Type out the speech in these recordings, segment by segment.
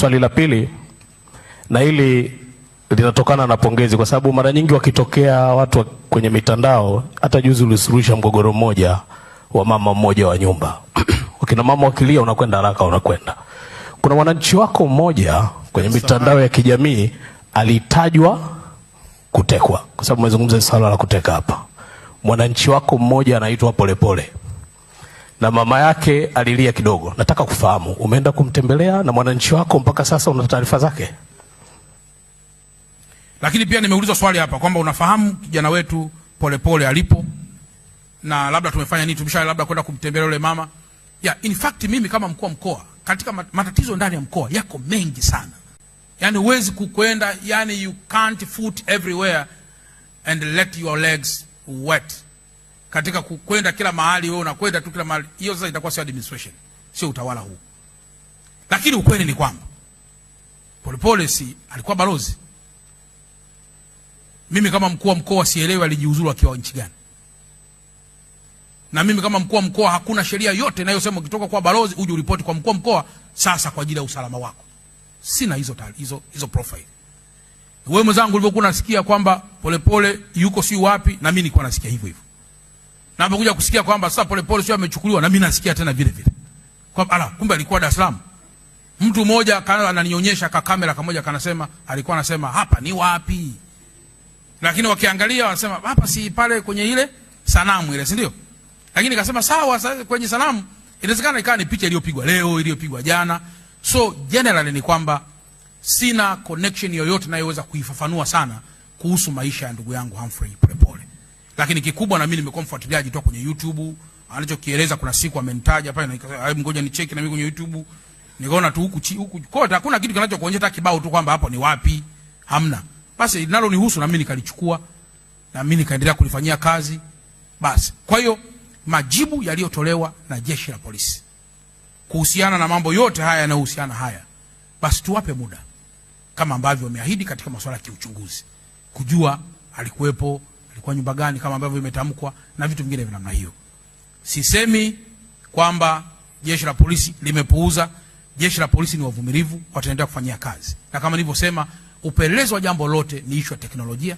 Swali la pili, na hili linatokana na pongezi, kwa sababu mara nyingi wakitokea watu kwenye mitandao, hata juzi ulisuluhisha mgogoro mmoja wa mama mmoja wa nyumba wakina mama wakilia, unakwenda haraka, unakwenda. Kuna mwananchi wako mmoja kwenye mitandao ya kijamii alitajwa kutekwa, kwa sababu umezungumza swala la kuteka hapa. Mwananchi wako mmoja anaitwa Polepole na mama yake alilia kidogo. Nataka kufahamu umeenda kumtembelea na mwananchi wako mpaka sasa una taarifa zake? Lakini pia nimeulizwa swali hapa kwamba unafahamu kijana wetu Polepole alipo na labda tumefanya nini, tumesha labda kwenda kumtembelea yule mama ya. In fact mimi kama mkuu wa mkoa, katika matatizo ndani ya mkoa yako mengi sana, yani huwezi kukwenda, yani you can't foot everywhere and let your legs wet katika kwenda kila mahali, wewe unakwenda tu kila mahali. Hiyo sasa itakuwa sio administration, sio utawala huu. Lakini ukweli ni kwamba Polepole si alikuwa balozi. Mimi kama mkuu wa mkoa sielewi alijiuzuru akiwa nchi gani, na mimi kama mkuu wa mkoa hakuna sheria yote inayosema ukitoka kwa balozi uje uripoti kwa mkuu wa mkoa sasa kwa ajili ya usalama wako. Sina hizo hizo hizo profile. Wewe mwenzangu ulivyokuwa unasikia kwamba Polepole yuko si wapi, na mimi nilikuwa nasikia hivyo hivyo na amekuja kusikia kwamba sasa Polepole sio amechukuliwa, na mimi nasikia tena vile vile kwa ala, kumbe alikuwa Dar es Salaam. Mtu mmoja kana ananionyesha ka kamera kamoja, kanasema alikuwa anasema hapa ni wapi, lakini wakiangalia wanasema hapa si pale kwenye ile sanamu ile, si ndio? Lakini kasema sawa, sasa kwenye sanamu inawezekana ikawa ni picha iliyopigwa leo, iliyopigwa jana. So general ni kwamba sina connection yoyote nayoweza kuifafanua sana kuhusu maisha ya ndugu yangu Humphrey Polepole. Lakini kikubwa na mimi nimekuwa mfuatiliaji toka kwenye YouTube, alichokieleza kuna siku amenitaja pale na ngoja ni cheki na mimi kwenye YouTube. Nikaona tu huku huku kote hakuna kitu kinachokuonyesha hata kibao tu kwamba hapo ni wapi. Hamna. Basi linalonihusu na mimi nikalichukua na mimi nikaendelea kulifanyia kazi. Basi. Kwa hiyo majibu yaliyotolewa na jeshi la polisi kuhusiana na mambo yote haya yanayohusiana haya, basi tuwape muda kama ambavyo wameahidi katika masuala ya kiuchunguzi, kujua alikuwepo kwa nyumba gani kama ambavyo imetamkwa na vitu vingine vya namna hiyo. Sisemi kwamba jeshi la polisi limepuuza. Jeshi la polisi ni wavumilivu, wataendelea kufanyia kazi, na kama nilivyosema, upelelezi wa jambo lote ni ishu ya teknolojia.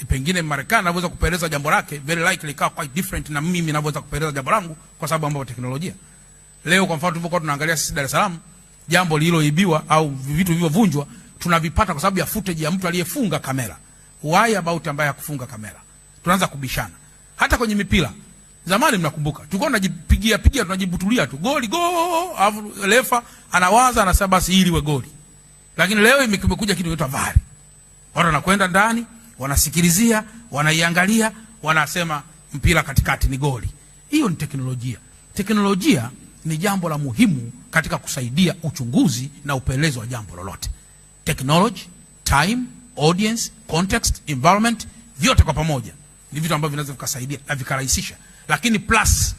E, pengine Marekani anaweza kupeleza jambo lake very likely ikawa quite different na mimi ninavyoweza kupeleza jambo langu, kwa sababu ambapo teknolojia leo, kwa mfano tulivyokuwa tunaangalia sisi Dar es Salaam jambo lililoibiwa au vitu vilivyovunjwa tunavipata kwa sababu ya footage ya mtu aliyefunga kamera why about ambaye hakufunga kamera, tunaanza kubishana. Hata kwenye mipira zamani, mnakumbuka tulikuwa tunajipigia pigia, tunajibutulia tu goli go, alafu refa anawaza anasema basi ili we goli. Lakini leo imekuja kitu kinaitwa VAR, watu wanakwenda ndani wanasikilizia, wanaiangalia, wanasema mpira katikati ni goli. Hiyo ni teknolojia. Teknolojia ni jambo la muhimu katika kusaidia uchunguzi na upelelezi wa jambo lolote. Technology, time audience, context, environment, vyote kwa pamoja ni vitu ambavyo vinaweza vikasaidia na vikarahisisha, lakini plus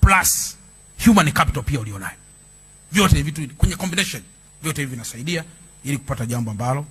plus human capital pia ulionayo, vyote hivi vitu kwenye combination, vyote hivi vinasaidia ili kupata jambo ambalo